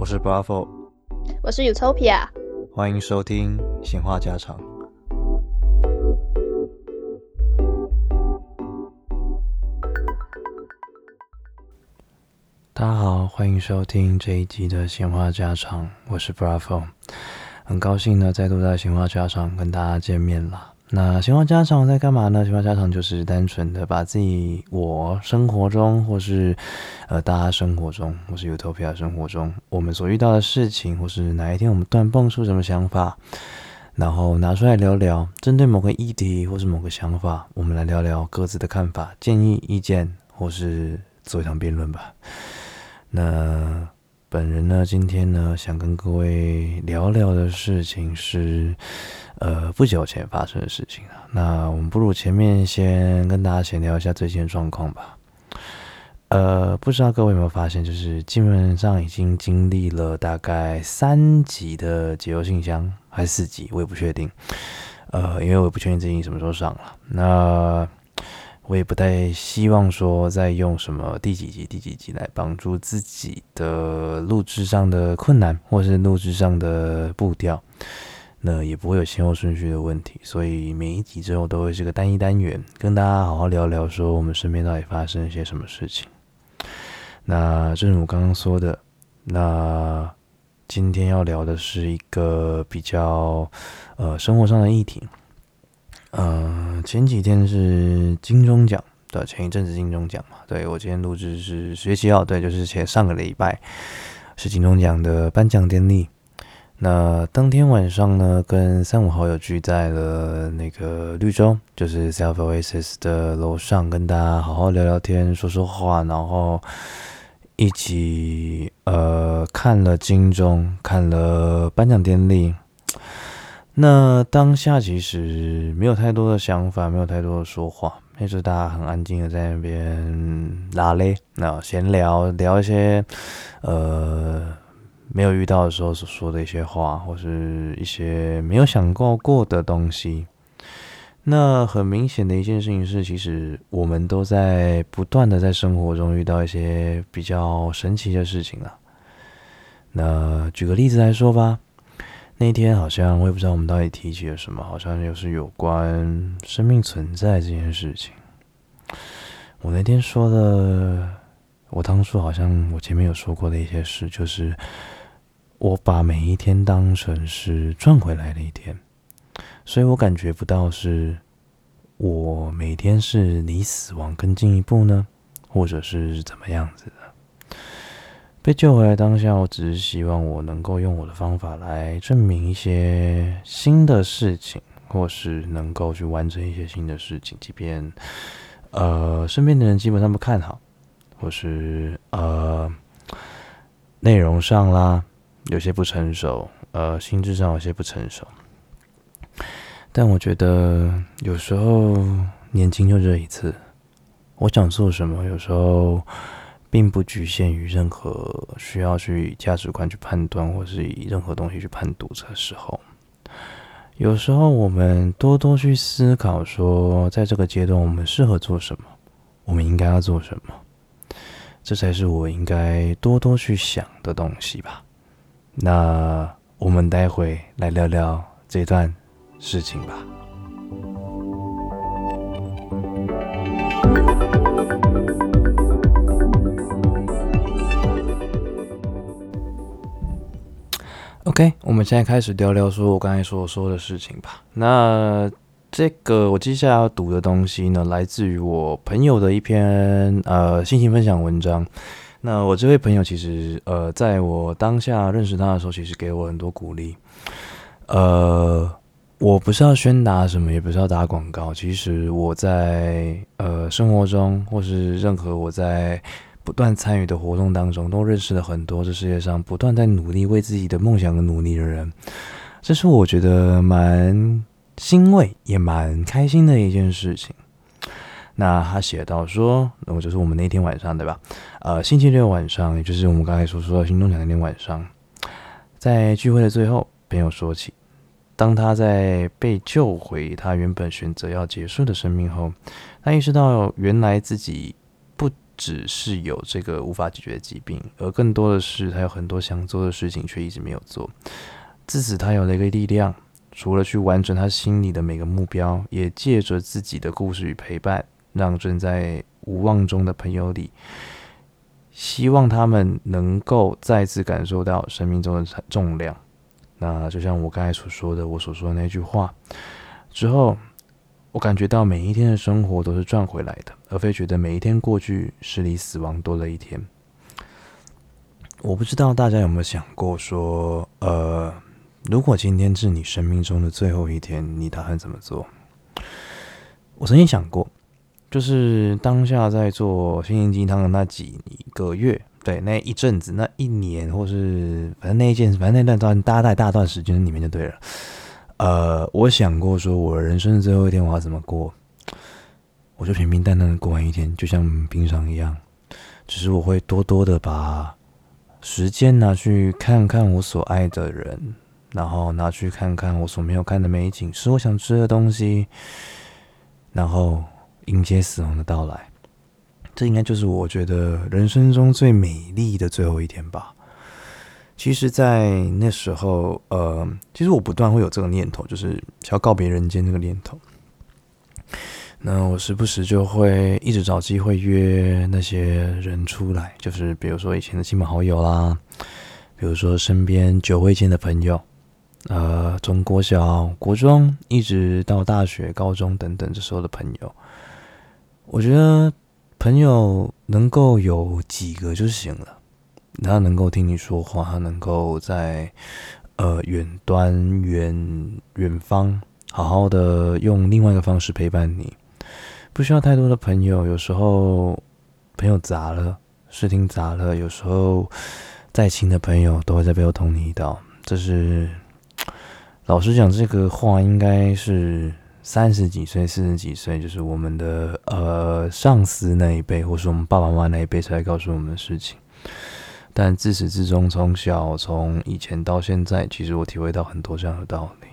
我是 BRAFO，我是 Utopia，歡迎收聽閒話家常。大家好，歡迎收聽這一集的閒話家常。我是 BRAFO，很高興呢，再度在讀閒話家常跟大家見面了。那喜歡家常在幹嘛呢？喜歡家常就是單純的把自己、我生活中，或是呃大家生活中，或是有投 u t 生活中，我們所遇到的事情，或是哪一天我們斷蹦出什麼想法，然後拿出來聊聊，針對某個議題或是某個想法，我們來聊聊各自的看法、建議、意見，或是做一場辯論吧。那本人呢，今天呢，想跟各位聊聊的事情是。呃，不久前發生的事情啊，那我們不如前面先跟大家閒聊一下最近的狀況吧。呃，不知道各位有沒有發現，就是基本上已經經歷了大概三集的解憂信箱，還是四集，我也不確定。呃，因為我不確定最近什麼時候上了。那我也不太希望說再用什麼第幾集、第幾集來幫助自己的錄制上的困難，或是錄制上的步調。那也不會有先後順序的問題，所以每一集之後都會是個單一單元，跟大家好好聊聊，說我們身邊到底發生了一些什麼事情。那正如我剛剛說的，那今天要聊的是一個比較呃生活上的議題。呃，前幾天是金鐘獎，對，前一陣子金鐘獎嘛，對，我今天錄製是學習號，對，就是前上個禮拜是金鐘獎的頒獎典禮。那當天晚上呢，跟三五好友聚在了那個綠洲，就是 Self Oasis 的樓上，跟大家好好聊聊天，說說話，然後一起呃看了金鐘，看了頒獎典禮。那當下其實沒有太多的想法，沒有太多的說話，就是大家很安靜的在那邊拉嘞，那閒聊聊一些呃。沒有遇到的時候所說的一些話，或是一些沒有想過過的東西。那很明顯的一件事情是，其實我們都在不斷的在生活中遇到一些比較神奇的事情了、啊。那舉個例子來說吧，那天好像我也不知道我們到底提起了什麼，好像就是有關生命存在這件事情。我那天說的，我當初好像我前面有說過的一些事，就是。我把每一天當成是賺回來的一天，所以我感覺不到是，我每天是離死亡更近一步呢，或者是怎麼樣子的。被救回來當下，我只是希望我能夠用我的方法來證明一些新的事情，或是能夠去完成一些新的事情，即便呃身邊的人基本上不看好，或是呃內容上啦。有些不成熟，呃，心智上有些不成熟，但我覺得有時候年輕就這一次，我想做什麼，有時候並不局限於任何需要去以價值觀去判斷，或是以任何東西去判讀的時候。有時候我們多多去思考，說在這個階段我們適合做什麼，我們應該要做什麼，這才是我應該多多去想的東西吧。那我們待會來聊聊這段事情吧。OK，我們現在開始聊聊，說我剛才所說的事情吧。那這個我接下來要讀的東西呢，來自於我朋友的一篇呃心情分享文章。那我這位朋友其實，呃，在我當下認識他的時候，其實給我很多鼓勵。呃，我不是要宣達什麼，也不是要打廣告。其實我在呃生活中，或是任何我在不斷參與的活動當中，都認識了很多這世界上不斷在努力為自己的夢想而努力的人。這是我覺得蠻欣慰，也蠻開心的一件事情。那他寫到說，那麼就是我們那天晚上對吧？呃，星期六晚上，也就是我們剛才所說的心動獎那天晚上，在聚會的最後，朋友說起，當他在被救回他原本選擇要結束的生命後，他意識到原來自己不只是有這個無法解決的疾病，而更多的是他有很多想做的事情卻一直沒有做。自此，他有了一個力量，除了去完成他心裡的每個目標，也借着自己的故事與陪伴。讓正在無望中的朋友裡，希望他們能夠再次感受到生命中的重量。那就像我剛才所說的，我所說的那句話之後，我感覺到每一天的生活都是賺回來的，而非覺得每一天過去是離死亡多了一天。我不知道大家有沒有想過說，呃，如果今天是你生命中的最後一天，你打算怎麼做？我曾經想過。就是當下在做心靈雞湯的那幾個月，對，那一陣子，那一年，或是反正那一件事，反正那段段大概大，大段時間裡面就對了。呃，我想過說，我人生的最後一天我要怎麼過？我就平平淡淡的過完一天，就像平常一樣。只是我會多多的把時間拿去看看我所愛的人，然後拿去看看我所沒有看的美景，吃我想吃的東西，然後。迎接死亡的到來，這應該就是我覺得人生中最美麗的最後一天吧。其實，在那時候，呃，其實我不斷會有這個念頭，就是想要告別人間那個念頭。那我時不時就會一直找機會約那些人出來，就是比如說以前的親朋好友啦，比如說身邊久未見的朋友，呃，從國小、國中一直到大學、高中等等，這時候的朋友。我覺得朋友能夠有幾個就行了，他能夠聽你說話，他能夠在呃遠端遠遠方好好的用另外一個方式陪伴你，不需要太多的朋友。有時候朋友雜了，視聽雜了，有時候再親的朋友都會在背後捅你一刀。這是老實講，這個話應該是。三十幾歲、四十幾歲，就是我們的呃上司那一輩，或是我們爸爸媽媽那一輩，才來告訴我們的事情。但自始至終，從小從以前到現在，其實我體會到很多這樣的道理。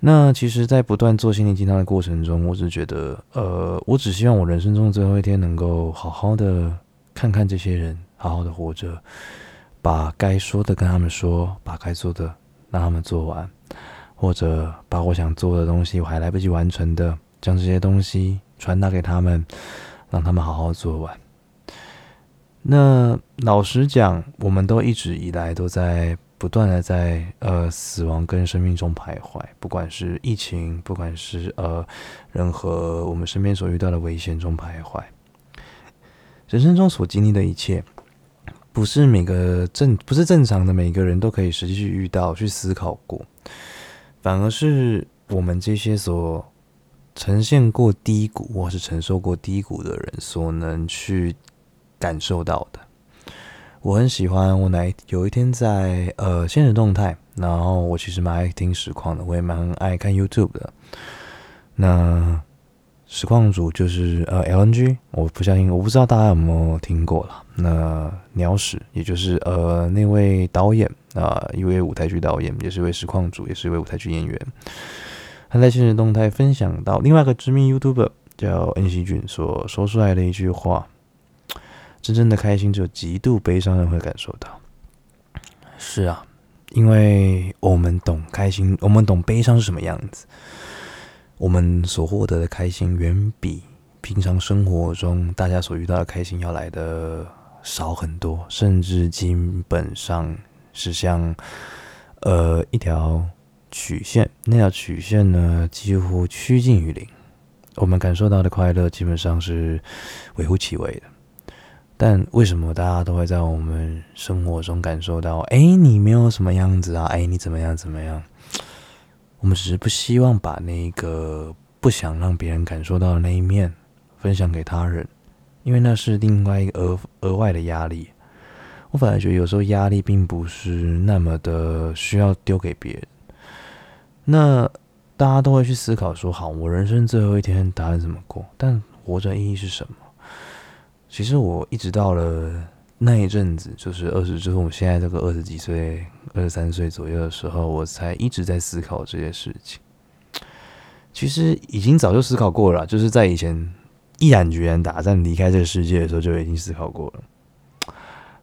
那其實，在不斷做心靈雞湯的過程中，我只覺得，呃，我只希望我人生中的最後一天能夠好好的看看這些人，好好的活着，把該說的跟他們說，把該做的讓他們做完。或者把我想做的東西，我還來不及完成的，將這些東西傳達給他們，讓他們好好做完。那老實講，我們都一直以來都在不斷地在呃死亡跟生命中徘徊，不管是疫情，不管是呃任何我們身邊所遇到的危險中徘徊，人生中所經歷的一切，不是每個正不是正常的每個人都可以實際去遇到、去思考過。反而是我們這些所呈現過低谷或是承受過低谷的人所能去感受到的。我很喜歡我哪有一天在，呃，現實動態，然後我其實蠻愛聽實況的，我也蠻愛看 YouTube 的。那。實況主就是呃 LNG，我不相信，我不知道大家有沒有聽過了。那鳥屎，也就是呃那位導演啊、呃，一位舞台劇導演，也是一位實況主，也是一位舞台劇演員，他在現實動態分享到另外一個知名 YouTuber 叫恩熙俊所說出來的一句話：“真正的開心只有極度悲傷人會感受到。”是啊，因為我們懂開心，我們懂悲傷是什麼樣子。我們所獲得的開心，遠比平常生活中大家所遇到的開心要來的少很多，甚至基本上是像呃一條曲線，那條曲線呢幾乎趨近於零。我們感受到的快樂基本上是微乎其微的。但為什麼大家都會在我們生活中感受到？哎，你沒有什麼樣子啊！哎，你怎麼樣？怎麼樣？我們只是不希望把那個不想讓別人感受到的那一面分享給他人，因為那是另外一個額額外的壓力。我反而覺得有時候壓力並不是那麼的需要丟給別人。那大家都會去思考說：好，我人生最後一天打算怎麼過？但活着意義是什麼？其實我一直到了。那一陣子，就是二十之後，我現在這個二十幾歲、二十三歲左右的時候，我才一直在思考這些事情。其實已經早就思考過了，就是在以前毅然決然打算離開這個世界的時候就已經思考過了，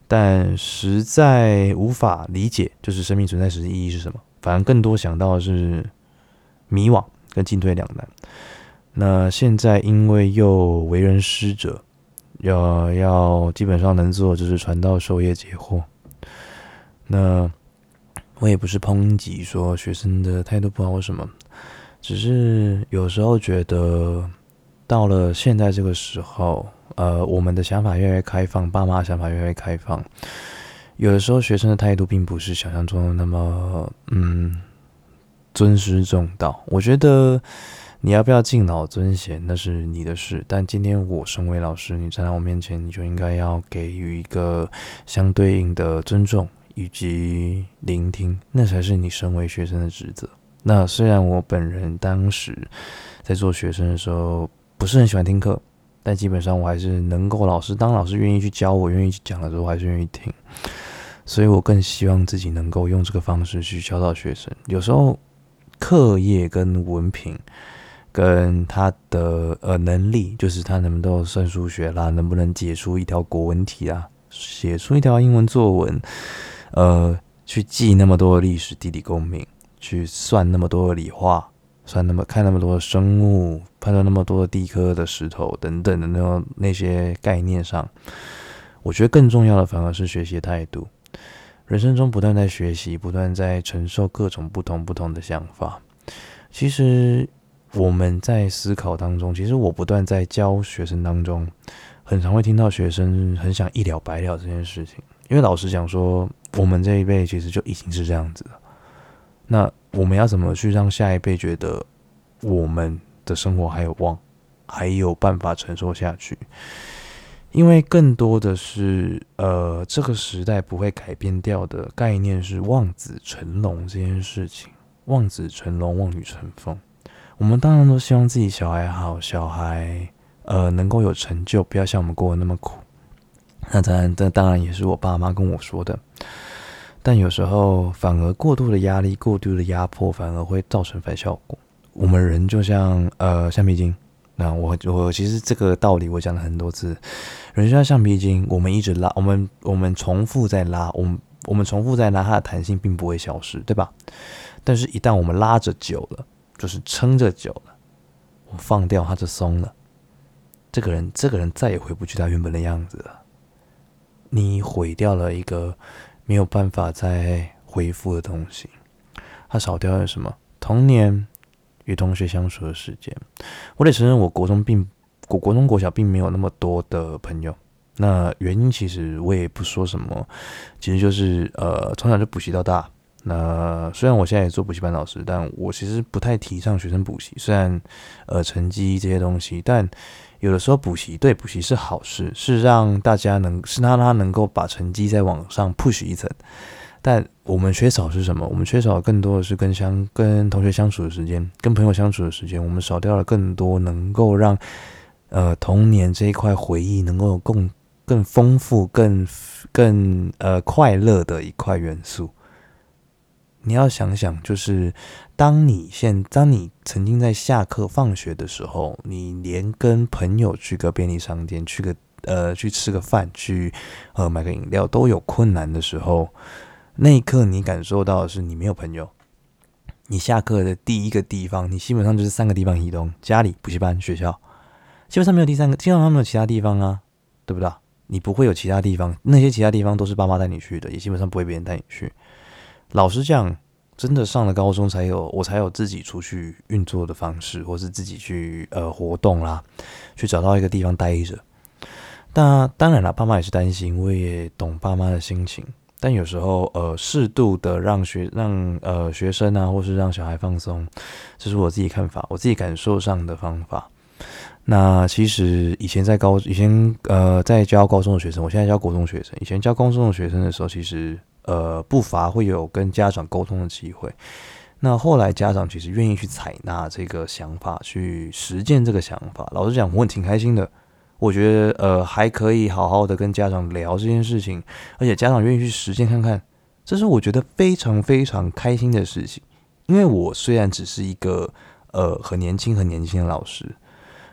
但實在無法理解，就是生命存在實際意義是什麼。反而更多想到的是迷惘跟進退兩難。那現在因為又為人師者。要、呃、要基本上能做就是傳道授業解惑。那我也不是抨擊說學生的態度不好或什麼，只是有時候覺得到了現在這個時候，呃，我們的想法越來越開放，爸媽想法越來越開放，有的時候學生的態度並不是想象中的那麼嗯尊師重道，我覺得。你要不要敬老尊賢，那是你的事。但今天我身為老師，你站在我面前，你就應該要給予一個相對應的尊重以及聆聽，那才是你身為學生的職責。那雖然我本人當時在做學生的時候不是很喜歡聽課，但基本上我還是能夠，老師當老師願意去教我，願意去講的時候，我還是願意聽。所以我更希望自己能夠用這個方式去教導學生。有時候課業跟文憑。跟他的呃能力，就是他能不能算數學啦，啊，能不能解出一條國文題啊，寫出一條英文作文，呃，去記那麼多的歷史、地理、公民，去算那麼多的理化，算那麼看那麼多的生物，判斷那麼多的地科的石頭等等的，那那些概念上，我覺得更重要的反而是學習態度。人生中不斷在學習，不斷在承受各種不同不同的想法，其實。我們在思考當中，其實我不斷在教學生當中，很常會聽到學生很想一了百了這件事情。因為老實講說，我們這一輩其實就已經是這樣子了。那我們要怎麼去讓下一輩覺得我們的生活還有望，還有辦法承受下去？因為更多的是，呃，這個時代不會改變掉的概念是望子成龍這件事情，望子成龍，望女成鳳。我們當然都希望自己小孩好，小孩呃能夠有成就，不要像我們過得那麼苦。那當然，這當然也是我爸媽跟我說的。但有時候反而過度的壓力、過度的壓迫，反而會造成反效果。我們人就像呃橡皮筋，那我我其實這個道理我講了很多次。人就像橡皮筋，我們一直拉，我們我們重複在拉，我們我們重複在拉，它的彈性並不會消失，對吧？但是一旦我們拉着久了，就是撐着久了，我放掉他就鬆了。這個人，這個人再也回不去他原本的樣子了。你毀掉了一個沒有辦法再恢復的東西。他少掉了什麼？童年與同學相處的時間。我得承認，我國中並我國中國小並沒有那麼多的朋友。那原因其實我也不說什麼，其實就是呃，從小就補習到大。那、呃、雖然我現在也做補習班老師，但我其實不太提倡學生補習。雖然呃成績這些東西，但有的時候補習對補習是好事，是讓大家能是讓他能夠把成績再往上 push 一層。但我們缺少是什麼？我們缺少更多的是跟相跟同學相處的時間，跟朋友相處的時間。我們少掉了更多能夠讓呃童年這一塊回憶能夠有更更豐富、更更呃快樂的一塊元素。你要想想，就是當你現當你曾經在下課放學的時候，你連跟朋友去個便利商店、去個呃、去吃個飯、去呃買個飲料都有困難的時候，那一刻你感受到的是你沒有朋友。你下課的第一個地方，你基本上就是三個地方移動：家裡、補習班、學校，基本上沒有第三個，基本上沒有其他地方啊，對不對？你不會有其他地方，那些其他地方都是爸媽帶你去的，也基本上不會別人帶你去。老實講，真的上了高中才有，我才有自己出去運作的方式，或是自己去呃活動啦，去找到一個地方待着。那當然了，爸媽也是擔心，我也懂爸媽的心情。但有時候呃，適度的讓學，讓呃學生啊，或是讓小孩放鬆，這是我自己看法，我自己感受上的方法。那其實以前在高，以前呃在教高中的學生，我現在教國中學生。以前教高中的學生的時候，其實呃，不乏會有跟家長溝通的機會。那後來家長其實願意去採納這個想法，去實踐這個想法。老實講，我也挺開心的。我覺得，呃，還可以好好的跟家長聊這件事情，而且家長願意去實踐看看，這是我覺得非常非常開心的事情。因為我雖然只是一個呃很年輕很年輕的老師，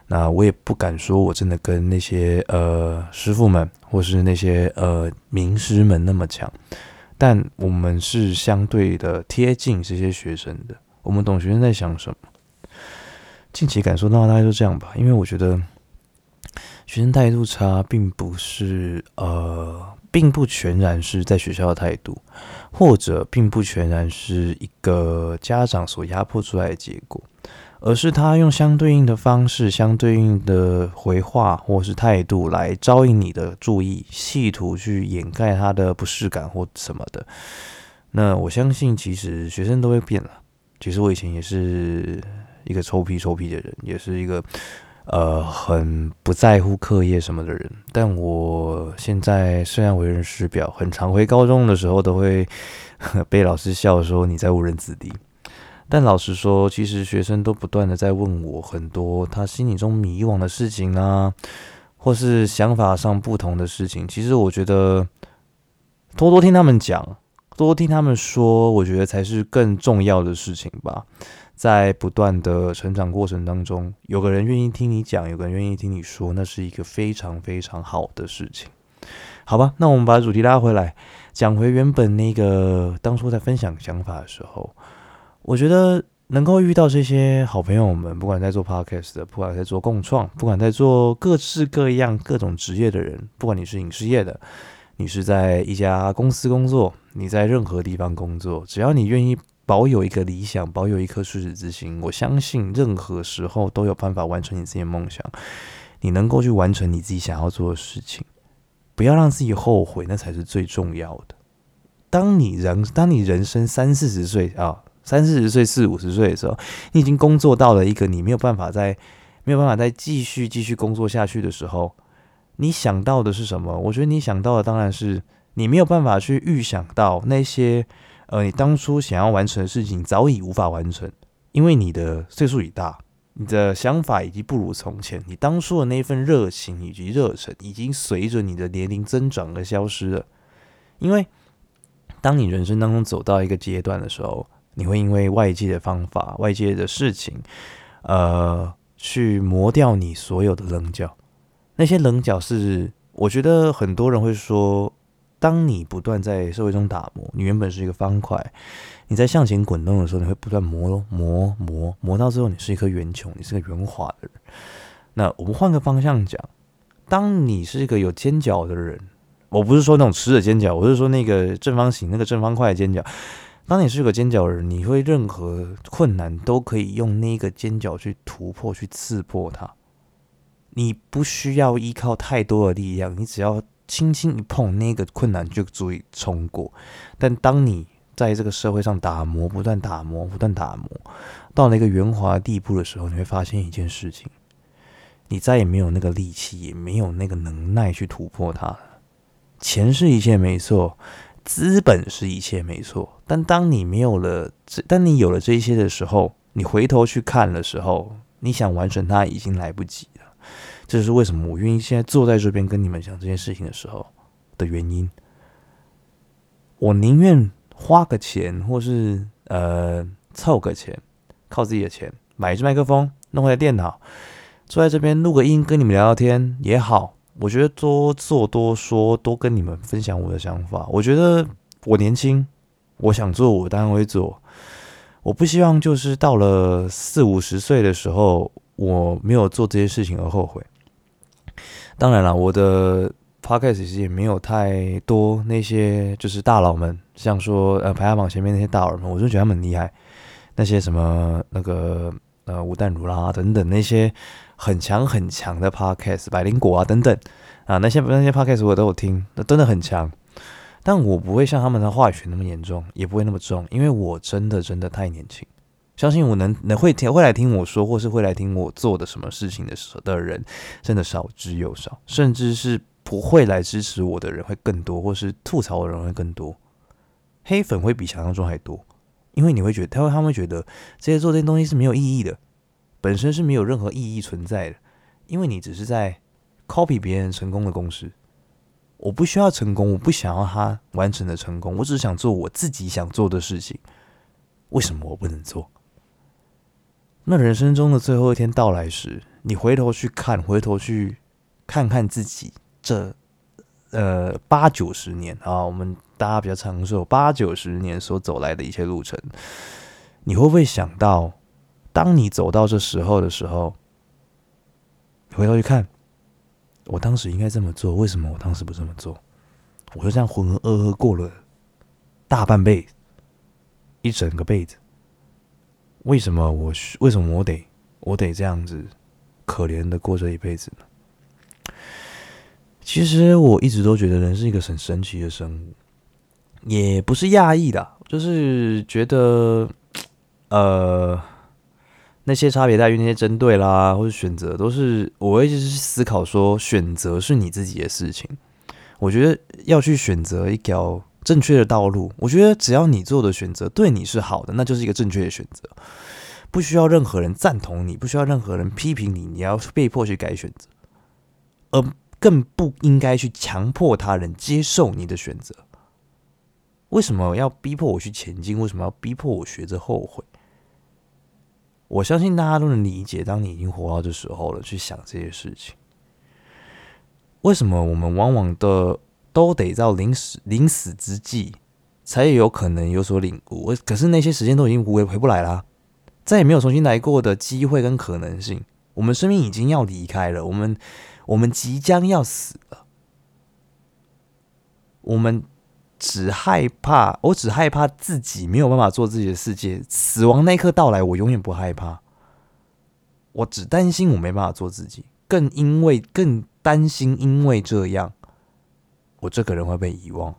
那我也不敢說我真的跟那些呃師傅們，或是那些呃名師們那麼強。但我們是相對的貼近這些學生的，我們懂學生在想什麼。近期感受到大概就這樣吧，因為我覺得學生態度差，並不是呃，並不全然是在學校的態度，或者並不全然是一個家長所壓迫出來的結果。而是他用相對應的方式，相對應的回話或是態度來招引你的注意，試圖去掩蓋他的不適感或什麼的。那我相信，其實學生都會變了。其實我以前也是一個臭屁臭屁的人，也是一個呃很不在乎課業什麼的人。但我現在雖然為人師表，很常回高中的時候都會被老師笑說，你在誤人子弟。但老實說，其實學生都不斷的在問我很多他心裡中迷惘的事情啊，或是想法上不同的事情。其實我覺得，多多聽他們講，多多聽他們說，我覺得才是更重要的事情吧。在不斷的成長過程當中，有個人願意聽你講，有個人願意聽你說，那是一個非常非常好的事情。好吧，那我們把主題拉回來，講回原本那個當初在分享想法的時候。我覺得能夠遇到這些好朋友們，不管在做 podcast 的，不管在做共創，不管在做各式各樣各種職業的人，不管你是影視業的，你是在一家公司工作，你在任何地方工作，只要你願意保有一個理想，保有一顆赤子之心，我相信任何時候都有辦法完成你自己的夢想，你能夠去完成你自己想要做的事情，不要讓自己後悔，那才是最重要的。當你人，當你人生三四十歲啊。三四十歲、四五十歲的時候，你已經工作到了一個你沒有辦法再沒有辦法再繼續繼續工作下去的時候。你想到的是什麼？我覺得你想到的當然是你沒有辦法去預想到那些呃，你當初想要完成的事情早已無法完成，因為你的歲數已大，你的想法已經不如從前，你當初的那份熱情以及熱忱已經隨着你的年齡增長而消失了。因為當你人生當中走到一個階段的時候，你會因為外界的方法、外界的事情，呃，去磨掉你所有的稜角。那些稜角是，我覺得很多人會說，當你不斷在社會中打磨，你原本是一個方塊，你在向前滾動的時候，你會不斷磨磨磨磨，磨磨磨到最後你是一顆圓球，你是個圓滑的人。那我們換個方向講，當你是一個有尖角的人，我不是說那種吃的尖角，我是說那個正方形、那個正方塊的尖角。當你是個尖角人，你會任何困難都可以用那個尖角去突破、去刺破它。你不需要依靠太多的力量，你只要輕輕一碰，那個困難就足以衝過。但當你在這個社會上打磨、不斷打磨、不斷打磨，到了一個圓滑地步的時候，你會發現一件事情：你再也沒有那個力氣，也沒有那個能耐去突破它了。錢是一切，沒錯。資本是一切沒錯，但當你沒有了這，當你有了這些的時候，你回頭去看的時候，你想完成它已經來不及了。這就是為什麼我願意現在坐在這邊跟你們講這件事情的時候的原因。我寧願花個錢，或是呃湊個錢，靠自己的錢買一支麥克風，弄台電腦，坐在這邊錄個音，跟你們聊聊天也好。我覺得多做多說，多跟你們分享我的想法。我覺得我年輕，我想做我當然會做。我不希望就是到了四五十歲的時候，我沒有做這些事情而後悔。當然了，我的 podcast 其實也沒有太多那些就是大佬們，像說呃排行榜前面那些大佬們，我就覺得他們很厲害。那些什麼那個呃吳淡如啦等等那些。很強很強的 podcast 百靈果啊、等等啊，那些那些 podcast 我都有聽，那真的很強。但我不會像他們的話語權那麼嚴重，也不會那麼重，因為我真的真的太年輕。相信我能能會聽會來聽我說，或是會來聽我做的什麼事情的時候的人，真的少之又少，甚至是不會來支持我的人會更多，或是吐槽我的人會更多，黑粉會比想象中還多，因為你會覺得他會他們會覺得這些做這些東西是沒有意義的。本身是沒有任何意義存在的，因為你只是在 copy 別人成功的公式。我不需要成功，我不想要他完成的成功，我只想做我自己想做的事情。為什麼我不能做？那人生中的最後一天到來時，你回頭去看，回頭去看看自己這呃八九十年啊，我們大家比較長壽，八九十年所走來的一些路程，你會不會想到？當你走到這時候的時候，回頭去看，我當時應該這麼做，為什麼我當時不這麼做？我就這樣渾渾噩噩過了大半輩子，一整個輩子。為什麼我為什麼我得我得這樣子可憐的過這一輩子呢？其實我一直都覺得人是一個很神奇的生物，也不是訝異的啊，就是覺得呃。那些差別在於那些針對啦，或者選擇都是我一直思考說，選擇是你自己的事情。我覺得要去選擇一條正確的道路，我覺得只要你做的選擇對你是好的，那就是一個正確的選擇。不需要任何人贊同你，不需要任何人批評你，你要被迫去改選擇，而、呃、更不應該去強迫他人接受你的選擇。為什麼要逼迫我去前進？為什麼要逼迫我學着後悔？我相信大家都能理解，當你已經活到這時候了，去想這些事情，為什麼我們往往的都得到臨死臨死之際，才有可能有所領悟？可是那些時間都已經回回不來了啊，再也沒有重新來過的機會跟可能性。我們生命已經要離開了，我們我們即將要死了，我們。只害怕，我只害怕自己沒有辦法做自己的世界。死亡那一刻到來，我永遠不害怕。我只擔心我沒辦法做自己，更因為更擔心，因為這樣，我這個人會被遺忘。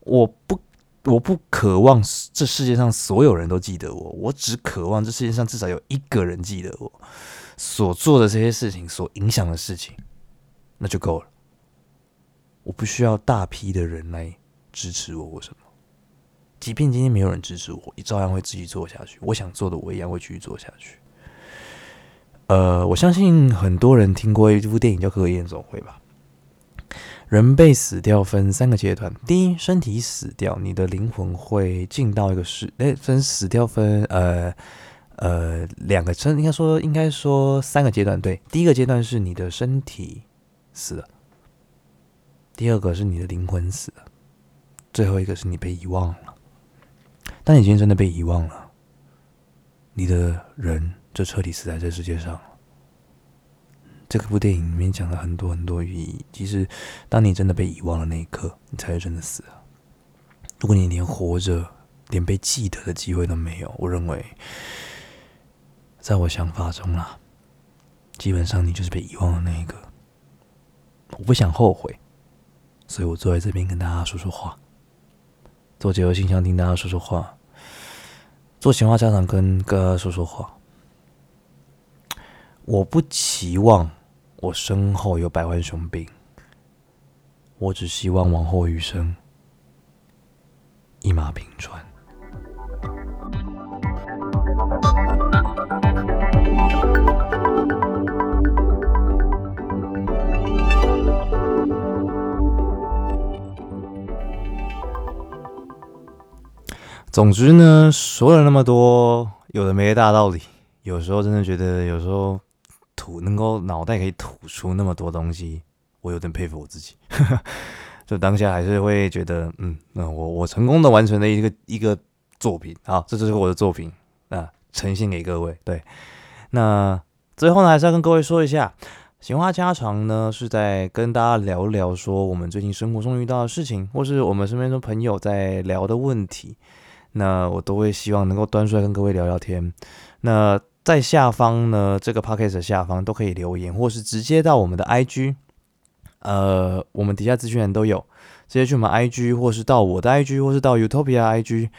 我不，我不渴望這世界上所有人都記得我，我只渴望這世界上至少有一個人記得我所做的這些事情，所影響的事情，那就夠了。我不需要大批的人來。支持我或什麼，即便今天沒有人支持我，也照樣會繼續做下去。我想做的，我一樣會繼續做下去。呃，我相信很多人聽過一部電影叫《可可夜總會》吧？人被死掉分三個階段：第一，身體死掉，你的靈魂會進到一個是……誒、欸，分死掉分呃呃兩個，分應該說應該說三個階段。對，第一個階段是你的身體死了，第二個是你的靈魂死了。最後一個是你被遺忘了，當你今天真的被遺忘了，你的人就徹底死在這世界上了。這部電影裡面講了很多很多寓意，其實當你真的被遺忘了那一刻，你才是真的死了。如果你連活着、連被記得的機會都沒有，我認為，在我想法中啦，基本上你就是被遺忘的那一個。我不想後悔，所以我坐在這邊跟大家說說話。做解憂信箱，聽大家說說話；做閒花家常，跟哥哥說說話。我不期望我身後有百萬雄兵，我只希望往後餘生一馬平川。總之呢，說了那麼多，有的沒的大道理。有時候真的覺得，有時候吐能夠腦袋可以吐出那麼多東西，我有點佩服我自己。 就當下還是會覺得，嗯，那我我成功的完成了一個一個作品。好，這就是我的作品啊，呃，呈現給各位。對，那最後呢，還是要跟各位說一下，閒話家常呢是在跟大家聊聊說我們最近生活中遇到的事情，或是我們身邊的朋友在聊的問題。那我都會希望能夠端出來跟各位聊聊天。那在下方呢，這個 podcast 下方都可以留言，或是直接到我們的 IG，呃，我們底下資訊欄都有，直接去我們 IG，或是到我的 IG，或是到 Utopia IG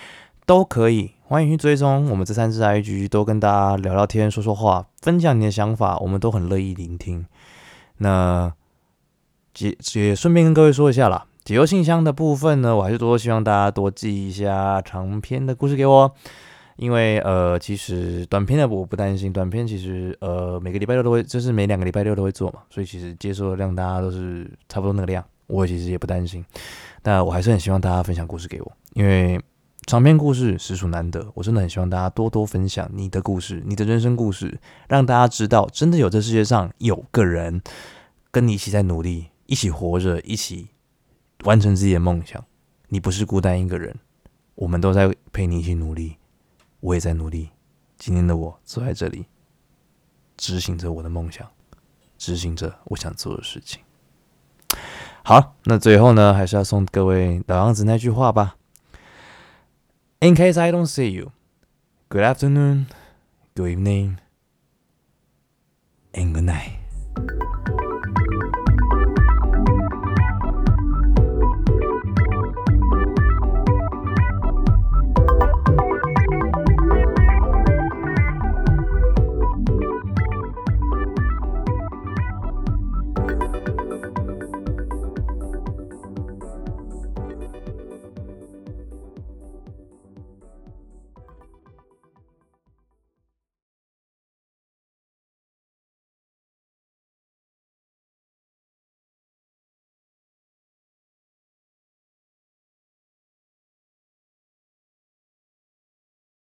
都可以，歡迎去追蹤我們這三支 IG，都跟大家聊聊天、說說話、分享你的想法，我們都很樂意聆聽。那也也順便跟各位說一下啦。解憂信箱的部分呢，我還是多多希望大家多寄一下長篇的故事給我，因為呃，其實短篇的我不擔心，短篇其實呃每個禮拜六都會，就是每兩個禮拜六都會做嘛，所以其實接受的量大家都是差不多那個量，我其實也不擔心。但我還是很希望大家分享故事給我，因為長篇故事實屬難得，我真的很希望大家多多分享你的故事，你的人生故事，讓大家知道真的有這世界上有個人跟你一起在努力，一起活着，一起，完成自己的夢想，你不是孤單一個人，我們都在陪你一起努力，我也在努力。今天的我坐在這裡，執行着我的夢想，執行着我想做的事情。好，那最後呢，還是要送各位老樣子那句話吧。In case I don't see you, good afternoon, good evening, and good night.